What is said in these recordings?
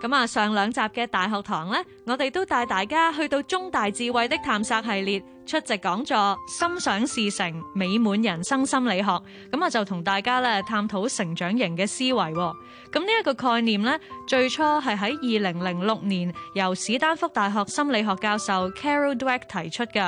咁啊，上兩集嘅大學堂呢，我哋都帶大家去到中大智慧的探索系列。出席講座，心想事成，美滿人生心理學。咁啊，就同大家咧探討成長型嘅思維。咁呢一個概念呢，最初係喺二零零六年由史丹福大學心理學教授 Carol Dweck 提出嘅。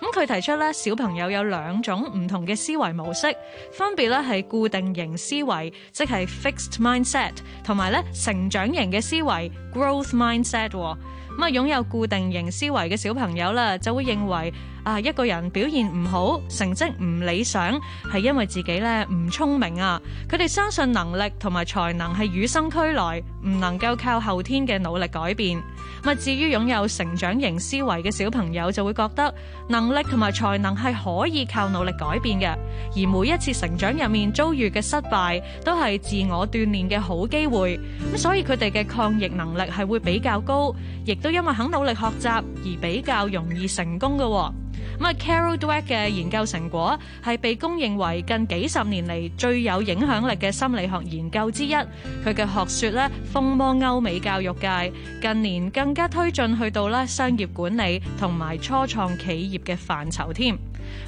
咁佢提出咧，小朋友有兩種唔同嘅思維模式，分別咧係固定型思維，即係 fixed mindset，同埋咧成長型嘅思維 growth mindset。咁啊，擁有固定型思維嘅小朋友啦，就會認為。啊！一個人表現唔好，成績唔理想，係因為自己咧唔聰明啊！佢哋相信能力同埋才能係與生俱來，唔能夠靠後天嘅努力改變。咪至於擁有成長型思維嘅小朋友，就會覺得能力同埋才能係可以靠努力改變嘅。而每一次成長入面遭遇嘅失敗，都係自我鍛煉嘅好機會。所以佢哋嘅抗逆能力係會比較高，亦都因為肯努力學習而比較容易成功嘅、哦。咁啊，Carol Dweck 嘅研究成果係被公認為近幾十年嚟最有影響力嘅心理學研究之一。佢嘅學説咧風靡歐美教育界，近年更加推進去到咧商業管理同埋初創企業嘅範疇添。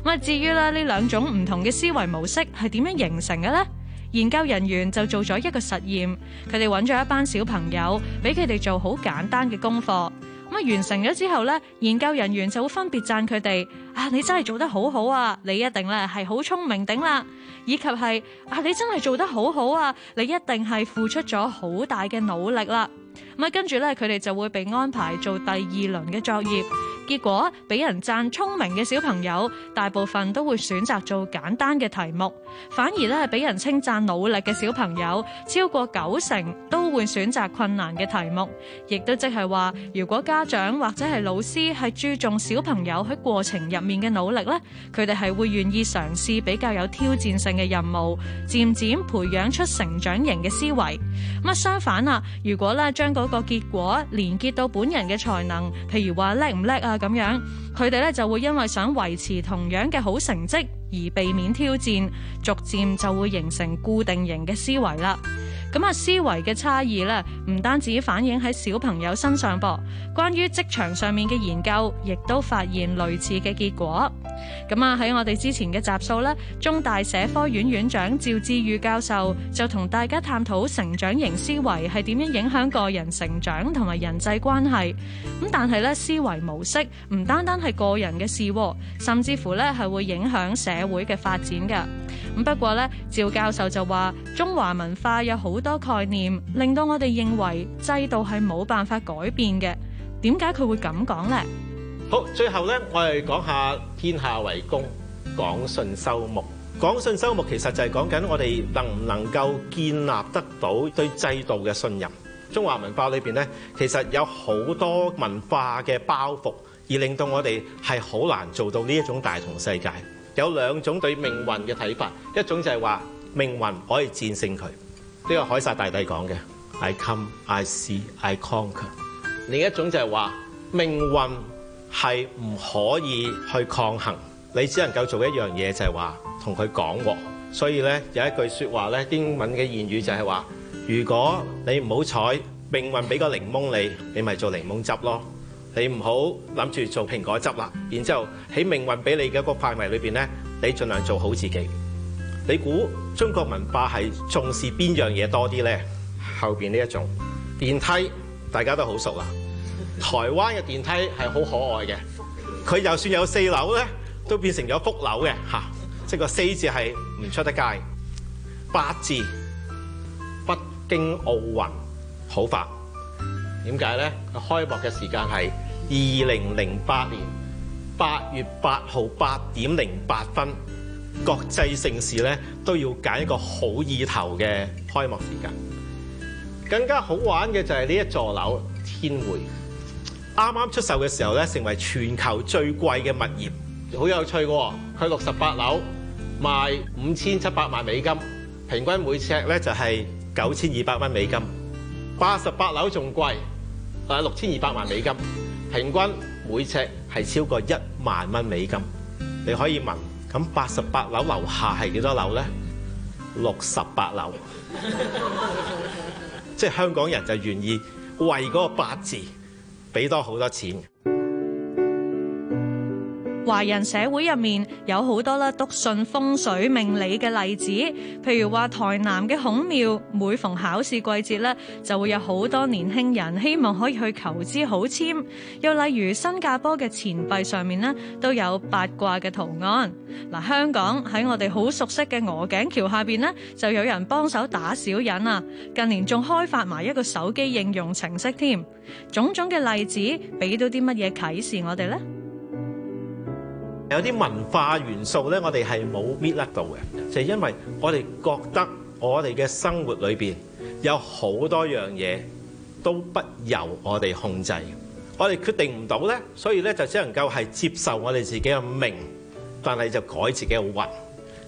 咁啊，至於咧呢兩種唔同嘅思維模式係點樣形成嘅呢？研究人員就做咗一個實驗，佢哋揾咗一班小朋友，俾佢哋做好簡單嘅功課。咁完成咗之後咧，研究人員就會分別讚佢哋：啊，你真係做得好好啊！你一定咧係好聰明頂啦，以及係啊，你真係做得好好啊！你一定係付出咗好大嘅努力啦。咁啊，跟住咧，佢哋就會被安排做第二輪嘅作業。結果俾人讚聰明嘅小朋友，大部分都會選擇做簡單嘅題目；反而咧係俾人稱讚努力嘅小朋友，超過九成都會選擇困難嘅題目。亦都即係話，如果家長或者係老師係注重小朋友喺過程入面嘅努力咧，佢哋係會願意嘗試比較有挑戰性嘅任務，漸漸培養出成長型嘅思維。咁啊，相反啊，如果咧將嗰個結果連結到本人嘅才能，譬如話叻唔叻啊？咁樣，佢哋咧就會因為想維持同樣嘅好成績而避免挑戰，逐漸就會形成固定型嘅思維啦。咁啊，思維嘅差異咧，唔單止反映喺小朋友身上噃，關於職場上面嘅研究，亦都發現類似嘅結果。咁啊，喺我哋之前嘅集數咧，中大社科院院長趙志宇教授就同大家探討成長型思維係點樣影響個人成長同埋人際關係。咁但係咧，思維模式唔單單係個人嘅事，甚至乎咧係會影響社會嘅發展嘅。咁不過咧，趙教授就話中華文化有好多概念，令到我哋認為制度係冇辦法改變嘅。點解佢會咁講呢？好，最後咧，我哋講下天下為公，講信修睦。講信修睦其實就係講緊我哋能唔能夠建立得到對制度嘅信任。中華文化裏邊咧，其實有好多文化嘅包袱，而令到我哋係好難做到呢一種大同世界。有兩種對命運嘅睇法，一種就係話命運可以戰勝佢，呢個凱撒大帝講嘅。I come, I see, I conquer。另一種就係話命運，係唔可以去抗衡，你只能夠做一樣嘢就係話同佢講。所以咧，有一句説話咧，英文嘅諺語就係話：如果你唔好彩，命運俾個檸檬你，你咪做檸檬汁咯。你唔好諗住做蘋果汁啦。然之後喺命運俾你嘅一個範圍裏邊咧，你盡量做好自己。你估中國文化係重視邊樣嘢多啲呢？後邊呢一種電梯大家都好熟啦。台灣嘅電梯係好可愛嘅，佢就算有四樓咧，都變成咗福樓嘅嚇、啊，即個四字係唔出得街。八字北京奧運好煩，點解咧？開幕嘅時間係二零零八年八月八號八點零八分。國際盛事咧都要揀一個好意頭嘅開幕時間。更加好玩嘅就係呢一座樓天匯。啱啱出售嘅時候咧，成為全球最貴嘅物業，好有趣喎！佢六十八樓賣五千七百萬美金，平均每尺咧就係九千二百蚊美金。八十八樓仲貴，誒六千二百萬美金，平均每尺係超過一萬蚊美金。你可以問，咁八十八樓樓下係幾多樓呢？六十八樓， 即係香港人就願意為嗰個八字。俾多好多錢？華人社會入面有好多啦，篤信風水命理嘅例子，譬如話台南嘅孔廟，每逢考試季節咧，就會有好多年輕人希望可以去求支好簽；又例如新加坡嘅錢幣上面咧，都有八卦嘅圖案。嗱，香港喺我哋好熟悉嘅鵝頸橋下邊咧，就有人幫手打小人啊！近年仲開發埋一個手機應用程式添，種種嘅例子俾到啲乜嘢啟示我哋呢？有啲文化元素咧，我哋係冇搣甩到嘅，就係因為我哋覺得我哋嘅生活裏邊有好多樣嘢都不由我哋控制，我哋決定唔到呢，所以咧就只能夠係接受我哋自己嘅命，但係就改自己嘅運。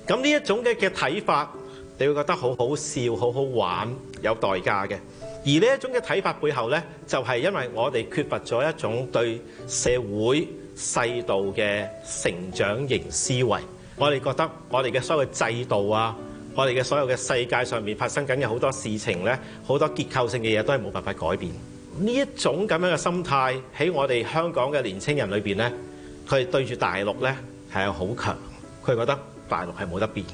咁呢一種嘅嘅睇法，你會覺得好好笑、好好玩，有代價嘅。而呢一種嘅睇法背後呢，就係因為我哋缺乏咗一種對社會。世道嘅成長型思維，我哋覺得我哋嘅所有嘅制度啊，我哋嘅所有嘅世界上面發生緊嘅好多事情咧，好多結構性嘅嘢都係冇辦法改變。呢一種咁樣嘅心態喺我哋香港嘅年青人裏邊咧，佢對住大陸咧，係好強，佢覺得大陸係冇得變。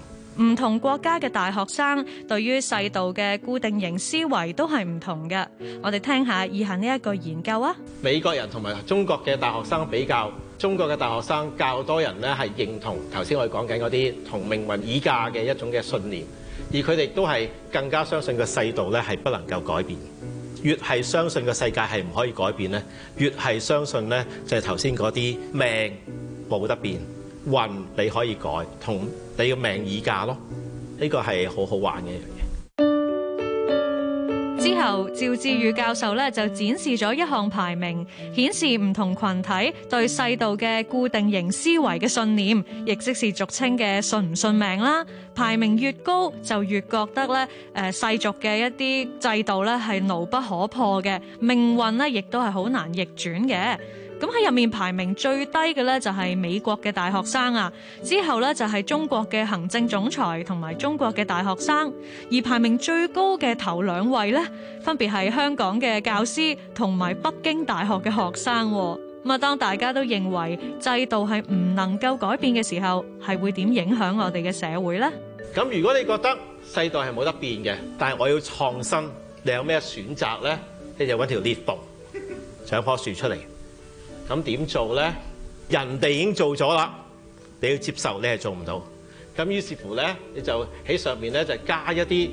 唔同國家嘅大學生對於世道嘅固定型思維都係唔同嘅。我哋聽下以下呢一個研究啊。美國人同埋中國嘅大學生比較，中國嘅大學生較多人呢係認同頭先我哋講緊嗰啲同命運以價嘅一種嘅信念，而佢哋都係更加相信個世道呢係不能夠改變。越係相信個世界係唔可以改變呢，越係相信呢就係頭先嗰啲命冇得變。運你可以改，同你嘅命以嫁咯，呢個係好好玩嘅一樣嘢。之後，趙志宇教授咧就展示咗一項排名，顯示唔同群體對世道嘅固定型思維嘅信念，亦即是俗稱嘅信唔信命啦。排名越高，就越覺得咧誒、呃、世俗嘅一啲制度咧係牢不可破嘅，命運咧亦都係好難逆轉嘅。咁喺入面排名最低嘅咧，就係美國嘅大學生啊。之後咧就係中國嘅行政總裁同埋中國嘅大學生，而排名最高嘅頭兩位咧，分別係香港嘅教師同埋北京大學嘅學生。咁啊，當大家都認為制度係唔能夠改變嘅時候，係會點影響我哋嘅社會咧？咁如果你覺得世代係冇得變嘅，但係我要創新，你有咩選擇咧？你就揾條裂縫，長棵樹出嚟。咁點做呢？人哋已經做咗啦，你要接受你係做唔到。咁於是乎呢，你就喺上面呢，就加一啲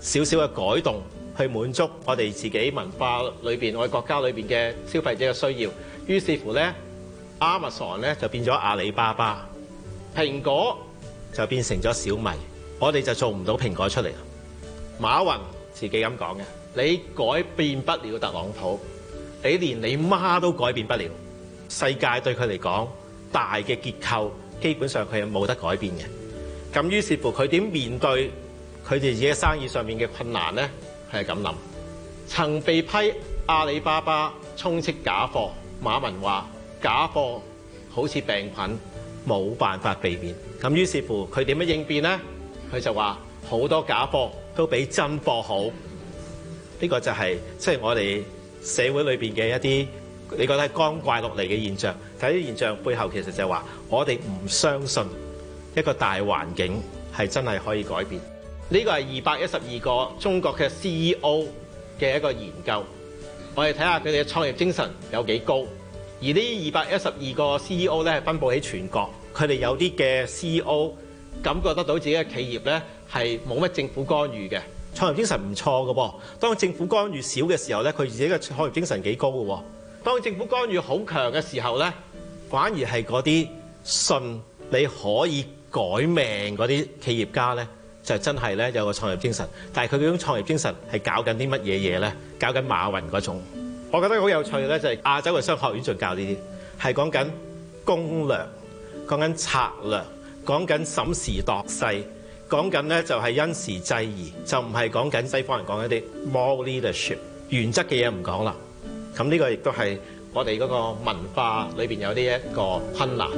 少少嘅改動，去滿足我哋自己文化裏面、我哋國家裏面嘅消費者嘅需要。於是乎呢 Amazon 呢，就變咗阿里巴巴，蘋果就變成咗小米，我哋就做唔到蘋果出嚟。馬雲自己咁講嘅，你改變不了特朗普，你連你媽都改變不了。世界對佢嚟講，大嘅結構基本上佢係冇得改變嘅。咁於是乎，佢點面對佢哋自己的生意上面嘅困難呢？佢係咁諗。曾被批阿里巴巴充斥假貨，馬雲話假貨好似病菌，冇辦法避免。咁於是乎，佢點樣應變呢？佢就話好多假貨都比真貨好。呢、呢個就係即係我哋社會裏面嘅一啲。你覺得係光怪陸離嘅現象，但係啲現象背後其實就係話，我哋唔相信一個大環境係真係可以改變。呢個係二百一十二個中國嘅 CEO 嘅一個研究，我哋睇下佢哋嘅創業精神有幾高。而呢二百一十二個 CEO 咧，係分布喺全國，佢哋有啲嘅 CEO 感覺得到自己嘅企業咧係冇乜政府干預嘅。創業精神唔錯嘅噃。當政府干預少嘅時候咧，佢自己嘅創業精神幾高嘅喎。當政府干預好強嘅時候呢，反而係嗰啲信你可以改命嗰啲企業家呢，就真係呢有一個創業精神。但係佢嗰種創業精神係搞緊啲乜嘢嘢呢？搞緊馬雲嗰種。我覺得好有趣呢，就係、是、亞洲嘅商學院仲教呢啲，係講緊攻略，講緊策略，講緊審時度勢，講緊呢就係因時制宜，就唔係講緊西方人講一啲 more leadership 原則嘅嘢，唔講啦。咁呢個亦都係我哋嗰個文化裏面有呢一個困難。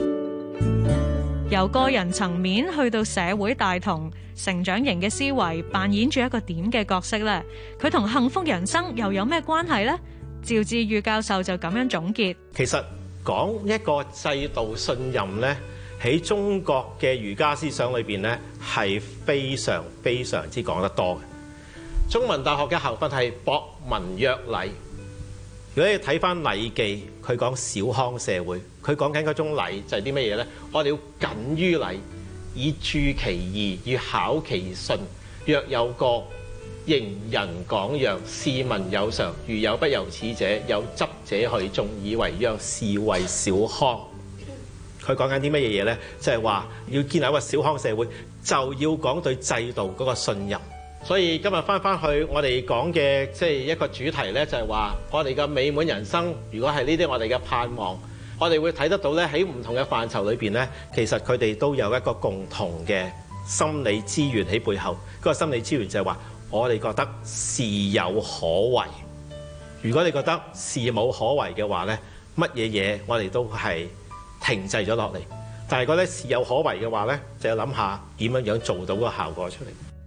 由個人層面去到社會大同，成長型嘅思維扮演住一個點嘅角色呢？佢同幸福人生又有咩關係呢？趙志裕教授就咁樣總結。其實講一個制度信任呢，喺中國嘅儒家思想裏面，呢係非常非常之講得多嘅。中文大學嘅校訓係博文約禮。如果你睇翻《禮記》，佢講小康社會，佢講緊嗰種禮就係啲乜嘢呢？我哋要謹於禮，以著其義，以考其信。若有個刑仁講讓，示民有常，如有不由此者，有執者去眾以為殃，是為小康。佢講緊啲乜嘢嘢呢？就係、是、話要建立一個小康社會，就要講對制度嗰個信任。所以今日翻翻去我哋講嘅即係一個主題咧，就係話我哋嘅美滿人生，如果係呢啲我哋嘅盼望，我哋會睇得到咧喺唔同嘅範疇裏邊咧，其實佢哋都有一個共同嘅心理資源喺背後，嗰個心理資源就係話，我哋覺得事有可為，如果你覺得事冇可為嘅話咧，乜嘢嘢我哋都係停滯咗落嚟。但係覺得事有可為嘅話咧，就要諗下點樣樣做到個效果出嚟。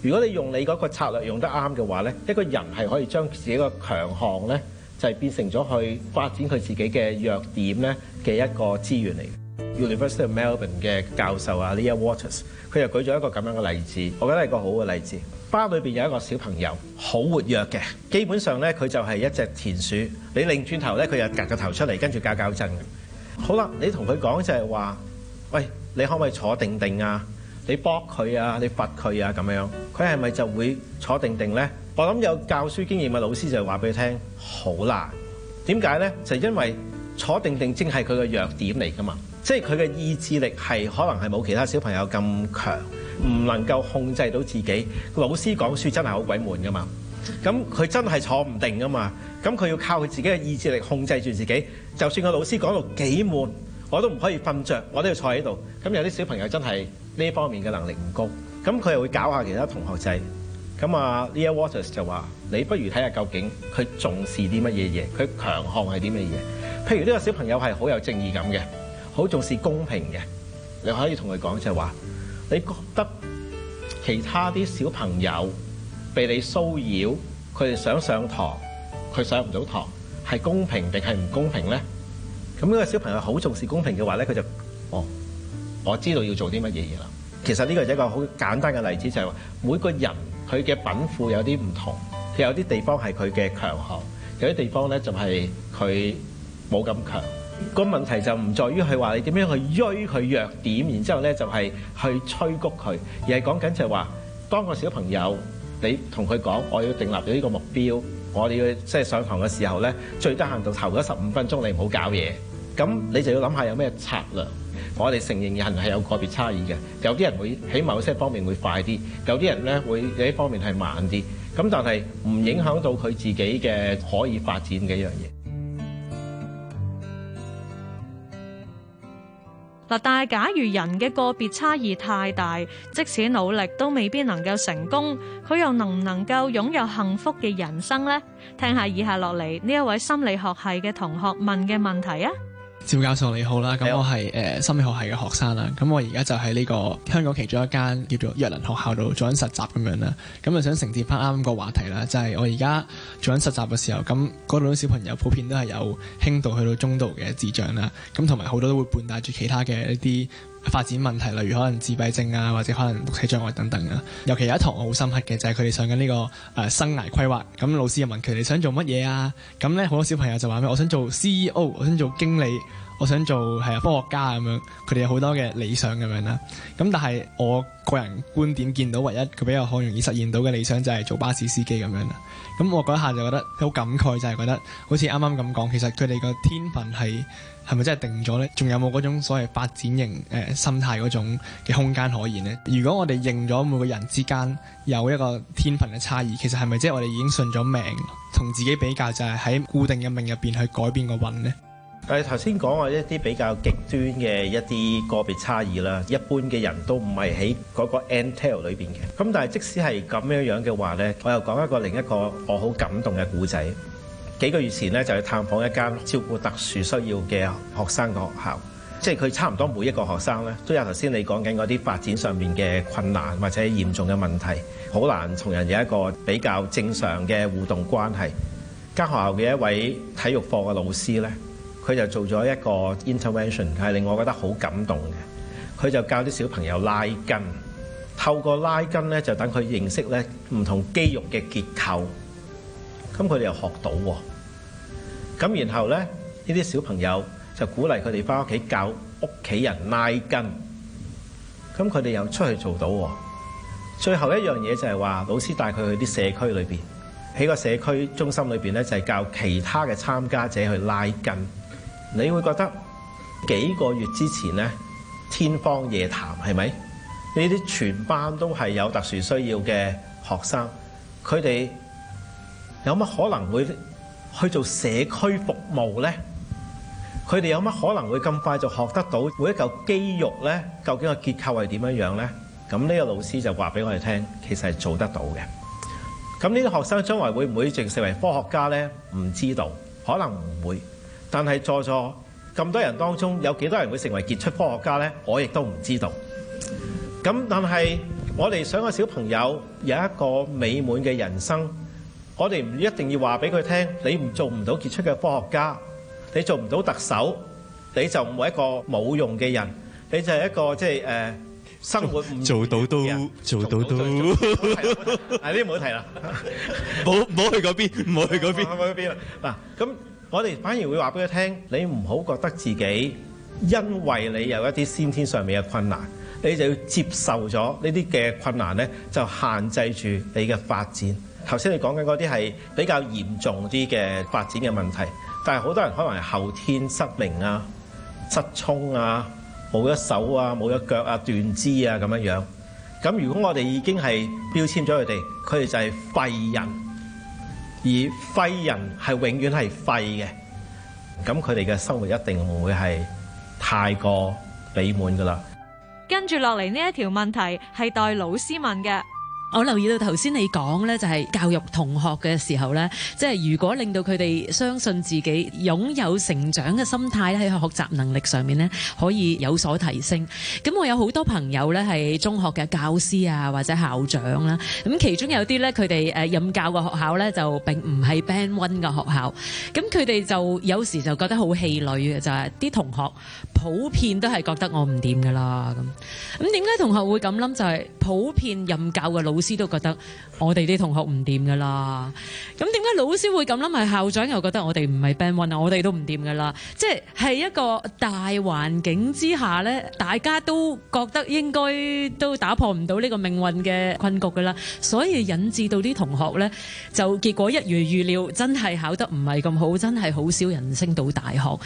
如果你用你嗰個策略用得啱嘅話咧，一個人係可以將自己個強項咧，就係變成咗去發展佢自己嘅弱點咧嘅一個資源嚟嘅。University of Melbourne 嘅教授啊 Lea Waters，佢就舉咗一個咁樣嘅例子，我覺得係個好嘅例子。班裏面有一個小朋友好活躍嘅，基本上咧佢就係一隻田鼠，你擰轉頭咧佢又擳個頭出嚟，跟住搞搞震。好啦，你同佢講就係話：喂，你可唔可以坐定定啊？你打佢啊！你罰佢啊！咁樣佢係咪就會坐定定呢？我諗有教書經驗嘅老師就話俾佢聽：好啦，點解呢？就因為坐定定正係佢嘅弱點嚟㗎嘛，即係佢嘅意志力係可能係冇其他小朋友咁強，唔能夠控制到自己。佢老師講書真係好鬼悶㗎嘛，咁佢真係坐唔定㗎嘛。咁佢要靠佢自己嘅意志力控制住自己。就算個老師講到幾悶，我都唔可以瞓着，我都要坐喺度。咁有啲小朋友真係。呢方面嘅能力唔高，咁佢又會搞下其他同學仔。咁啊，Lea Waters 就話：你不如睇下究竟佢重視啲乜嘢嘢，佢強項係啲乜嘢？譬如呢個小朋友係好有正義感嘅，好重視公平嘅。你可以同佢講就係話：你覺得其他啲小朋友被你騷擾，佢哋想上堂，佢上唔到堂，係公平定係唔公平咧？咁呢個小朋友好重視公平嘅話咧，佢就哦。我知道要做啲乜嘢嘢啦。其實呢個只係一個好簡單嘅例子，就係話每個人佢嘅稟賦有啲唔同，佢有啲地方係佢嘅強項，有啲地方咧就係佢冇咁強。個問題就唔在於係話你點樣去追佢弱點，然之後咧就係去催谷佢，而係講緊就係話當個小朋友，你同佢講我要訂立咗呢個目標，我哋要即係上堂嘅時候咧，最得閒到頭嗰十五分鐘你唔好搞嘢，咁你就要諗下有咩策略。我哋承認人係有個別差異嘅，有啲人會喺某些方面會快啲，有啲人咧會喺方面係慢啲。咁但係唔影響到佢自己嘅可以發展嘅一樣嘢。嗱，但係假如人嘅個別差異太大，即使努力都未必能夠成功，佢又能唔能夠擁有幸福嘅人生呢？聽下以下落嚟呢一位心理學系嘅同學問嘅問題啊！趙教授你好啦，咁 我係、呃、心理學系嘅學生啦，咁我而家就喺呢、這個香港其中一間叫做若能學校度做緊實習咁樣啦，咁啊想承接返啱個話題啦，就係、是、我而家做緊實習嘅時候，咁嗰度啲小朋友普遍都係有輕度去到中度嘅智障啦，咁同埋好多都會伴帶住其他嘅一啲。發展問題，例如可能自閉症啊，或者可能讀寫障礙等等啊。尤其有一堂我好深刻嘅，就係佢哋上緊呢個誒生涯規劃。咁老師又問佢哋想做乜嘢啊？咁咧好多小朋友就話咩？我想做 CEO，我想做經理。我想做係科學家咁樣，佢哋有好多嘅理想咁樣啦。咁但係我個人觀點見到唯一佢比較可容易實現到嘅理想就係做巴士司機咁樣啦。咁我嗰一下就覺得好感慨，就係、是、覺得好似啱啱咁講，其實佢哋個天分係係咪真係定咗呢？仲有冇嗰種所謂發展型誒、呃、心態嗰種嘅空間可言呢？如果我哋認咗每個人之間有一個天分嘅差異，其實係咪即係我哋已經信咗命，同自己比較就係、是、喺固定嘅命入面去改變個運呢？但係頭先講話一啲比較極端嘅一啲個別差異啦，一般嘅人都唔係喺嗰個 entail 裏邊嘅。咁但係即使係咁樣樣嘅話呢，我又講一個另一個我好感動嘅故仔。幾個月前呢，就去探訪一間照顧特殊需要嘅學生嘅學校，即係佢差唔多每一個學生呢，都有頭先你講緊嗰啲發展上面嘅困難或者嚴重嘅問題，好難同人有一個比較正常嘅互動關係。間學校嘅一位體育課嘅老師呢。佢就做咗一個 intervention，係令我覺得好感動嘅。佢就教啲小朋友拉筋，透過拉筋咧，就等佢認識咧唔同肌肉嘅結構。咁佢哋又學到喎。咁然後咧，呢啲小朋友就鼓勵佢哋返屋企教屋企人拉筋。咁佢哋又出去做到喎。最後一樣嘢就係話，老師帶佢去啲社區裏邊，喺個社區中心裏邊咧，就係教其他嘅參加者去拉筋。你會覺得幾個月之前呢，天方夜譚係咪？呢啲全班都係有特殊需要嘅學生，佢哋有乜可能會去做社區服務呢？佢哋有乜可能會咁快就學得到每一嚿肌肉呢，究竟個結構係點樣樣呢？咁呢個老師就話俾我哋聽，其實係做得到嘅。咁呢啲學生將來會唔會成為科學家呢？唔知道，可能唔會。但係在座咁多人當中，有幾多人會成為傑出科學家咧？我亦都唔知道。咁但係我哋想個小朋友有一個美滿嘅人生，我哋唔一定要話俾佢聽，你唔做唔到傑出嘅科學家，你做唔到特首，你就唔係一個冇用嘅人，你就係一個即係誒生活唔做到都做到都，係呢啲唔好提啦，冇冇去嗰邊，唔好去嗰邊，唔好去嗰邊啦。嗱咁。我哋反而會話俾佢聽，你唔好覺得自己因為你有一啲先天上面嘅困難，你就要接受咗呢啲嘅困難，呢就限制住你嘅發展。頭先你講緊嗰啲係比較嚴重啲嘅發展嘅問題，但係好多人可能係後天失明啊、失聰啊、冇一手啊、冇一腳啊、斷肢啊咁樣樣。咁如果我哋已經係標籤咗佢哋，佢哋就係廢人。而廢人係永遠係廢嘅，咁佢哋嘅生活一定唔會係太過美滿㗎喇。跟住落嚟呢一條問題係代老師問嘅。我留意到頭先你講咧,就係教育同學嘅時候咧，即係如果令到佢哋相信自己擁有成長嘅心態咧，喺學習能力上面咧，可以有所提升。咁我有好多朋友咧係中學嘅教師啊，或者校長啦。咁其中有啲咧，佢哋誒任教嘅學校咧就並唔係 band one 嘅學校。咁佢哋就有時就覺得好氣餒嘅，就係啲同學普遍都係覺得我唔掂噶啦。咁咁點解同學會咁諗？就係普遍任教嘅老老師都覺得我哋啲同學唔掂噶啦，咁點解老師會咁諗？係校長又覺得我哋唔係 band one 啊，我哋都唔掂噶啦，即係係一個大環境之下呢，大家都覺得應該都打破唔到呢個命運嘅困局噶啦。所以引致到啲同學呢，就結果一如預料，真係考得唔係咁好，真係好少人升到大學。咁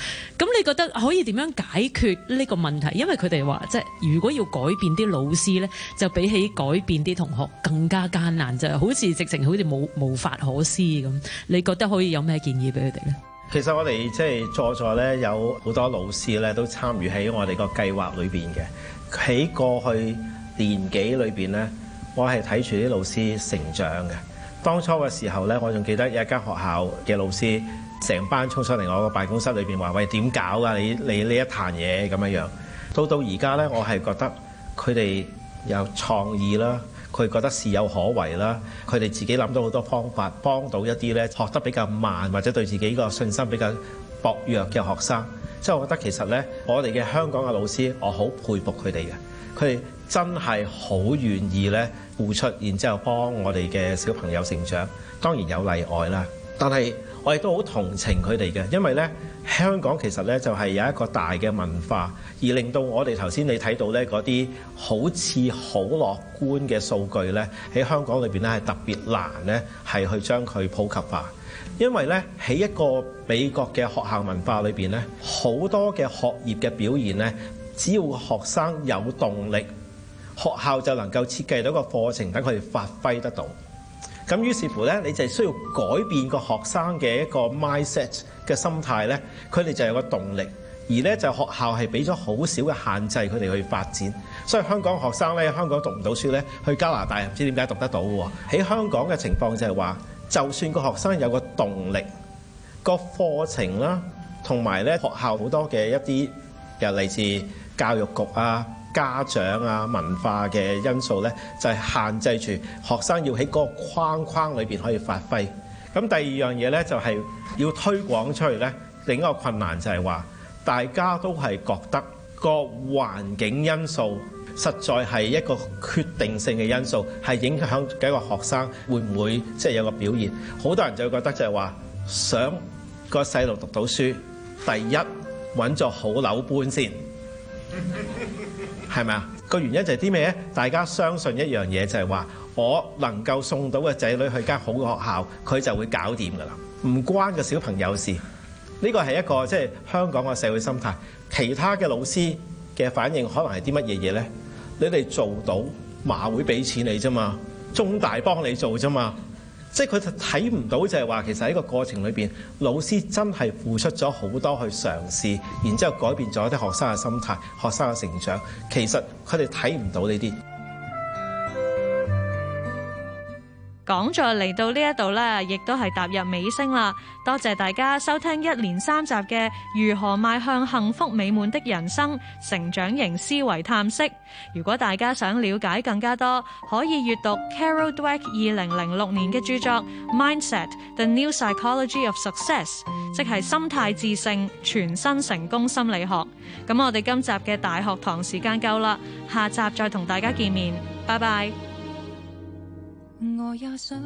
你覺得可以點樣解決呢個問題？因為佢哋話即係如果要改變啲老師呢，就比起改變啲同學。更加艱難，就好似直情好似冇冇法可施咁。你覺得可以有咩建議俾佢哋呢？其實我哋即係在座咧，就是、坐坐有好多老師咧都參與喺我哋個計劃裏邊嘅。喺過去年幾裏邊呢，我係睇住啲老師成長嘅。當初嘅時候呢，我仲記得有一間學校嘅老師成班衝出嚟我個辦公室裏邊，話喂，點搞㗎？你你呢一壇嘢咁樣樣。到到而家呢，我係覺得佢哋有創意啦。佢覺得事有可為啦，佢哋自己諗到好多方法，幫到一啲咧學得比較慢或者對自己個信心比較薄弱嘅學生。即係我覺得其實咧，我哋嘅香港嘅老師，我好佩服佢哋嘅，佢哋真係好願意咧付出，然之後幫我哋嘅小朋友成長。當然有例外啦，但係我亦都好同情佢哋嘅，因為咧。香港其實咧就係有一個大嘅文化，而令到我哋頭先你睇到咧嗰啲好似好樂觀嘅數據咧，喺香港裏邊咧係特別難咧係去將佢普及化，因為咧喺一個美國嘅學校文化裏邊咧，好多嘅學業嘅表現咧，只要學生有動力，學校就能夠設計到個課程等佢哋發揮得到。咁於是乎咧，你就需要改變個學生嘅一個 mindset。嘅心態咧，佢哋就有個動力，而咧就學校係俾咗好少嘅限制佢哋去發展，所以香港學生咧，香港讀唔到書咧，去加拿大唔知點解讀得到喎？喺香港嘅情況就係話，就算個學生有個動力，個課程啦，同埋咧學校好多嘅一啲又嚟自教育局啊、家長啊、文化嘅因素咧，就係限制住學生要喺嗰個框框裏邊可以發揮。咁第二樣嘢咧，就係要推廣出去。咧。另一個困難就係話，大家都係覺得個環境因素實在係一個決定性嘅因素，係影響幾個學生會唔會即係有個表現。好多人就會覺得就係話想個細路讀到書，第一搵咗好樓搬先是，係咪啊？個原因就係啲咩咧？大家相信一樣嘢就係話。我能夠送到嘅仔女去間好嘅學校，佢就會搞掂㗎啦，唔關個小朋友事。呢個係一個即係香港嘅社會心態。其他嘅老師嘅反應可能係啲乜嘢嘢呢？你哋做到馬會俾錢你啫嘛，中大幫你做啫嘛，即係佢睇唔到就係話其實喺個過程裏邊，老師真係付出咗好多去嘗試，然之後改變咗啲學生嘅心態、學生嘅成長，其實佢哋睇唔到呢啲。講座嚟到呢一度呢，亦都係踏入尾聲啦。多謝大家收聽一連三集嘅《如何邁向幸福美滿的人生：成長型思維探析》。如果大家想了解更加多，可以閱讀 Carol Dweck 二零零六年嘅著作《Mindset：The New Psychology of Success》，即係《心態致勝：全新成功心理學》。咁我哋今集嘅大學堂時間夠啦，下集再同大家見面。拜拜。我也想。